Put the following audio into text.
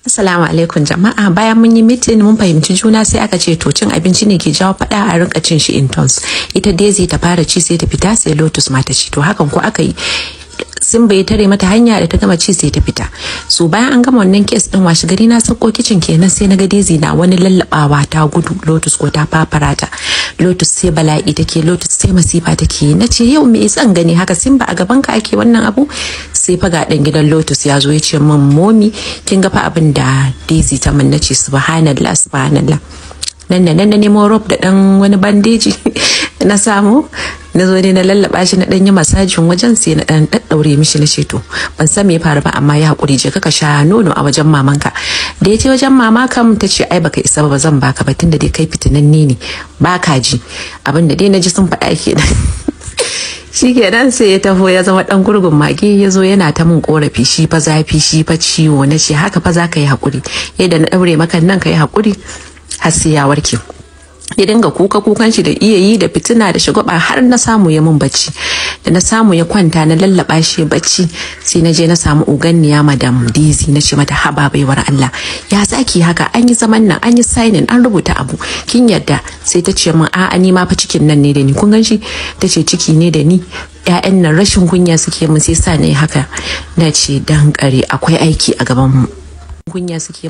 Assalamu alaikum jama'a bayan mun yi mitin mun fahimci juna sai aka ce to cin abinci ne ke jawo fada a rinka cin shi in tons ita Daisy ta fara ci sai ta fita sai Lotus ma ta ci to hakan ko aka yi sun bai tare mata hanya da ta gama ci sai ta fita so bayan an gama wannan kes din washe gari na sauko kicin kenan sai na ga Daisy na wani lallabawa ta gudu Lotus ko ta fafarata lotus sai bala'i take lotus sai masifa take na ce yau me zan gani haka sin ba a gaban ka ake wannan abu sai faga ga dan gidan lotus ya zo ya ce min momi kin ga fa abin da daisy ta min nace subhanallah subhanallah nan da nan na nemo rope da dan wani bandeji na samu na zo ne na lallaba shi na dan yi masajin wajen sai na dan daddaure mishi na ce to ban san me ya faru ba amma ya hakuri je ka sha nono a wajen mamanka da ya je wajen mama kam ta ce ai baka isa ba zan baka ba tunda dai kai fitinanne ne baka ji abin da dai na ji sun faɗa da shi ke nan sai ya taho ya zama ɗan gurgun mage ya zo yana ta min korafi shi fa zafi shi fa ciwo na ce haka fa za ka yi hakuri yadda na ɗaure maka nan ka yi hakuri har sai ya warke ya dinga kuka kukan shi da iya yi da fitina da shagwaba har na samu ya mun bacci da na samu ya kwanta na lallaba shi bacci sai na je na samu uganniya madam dizi na ce mata haba baiwar Allah ya zaki haka an yi zaman nan an yi signing an rubuta abu kin yadda sai ta ce min a'a ni ma fa cikin nan ne da ni kun gan shi ta ce ciki ne da ni ƴaƴan nan rashin kunya suke mun sai sa ne haka na ce dan kare akwai aiki a gaban mu kunya suke